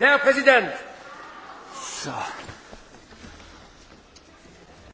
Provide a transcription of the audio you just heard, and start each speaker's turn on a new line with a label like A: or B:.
A: Herr Präsident!
B: So.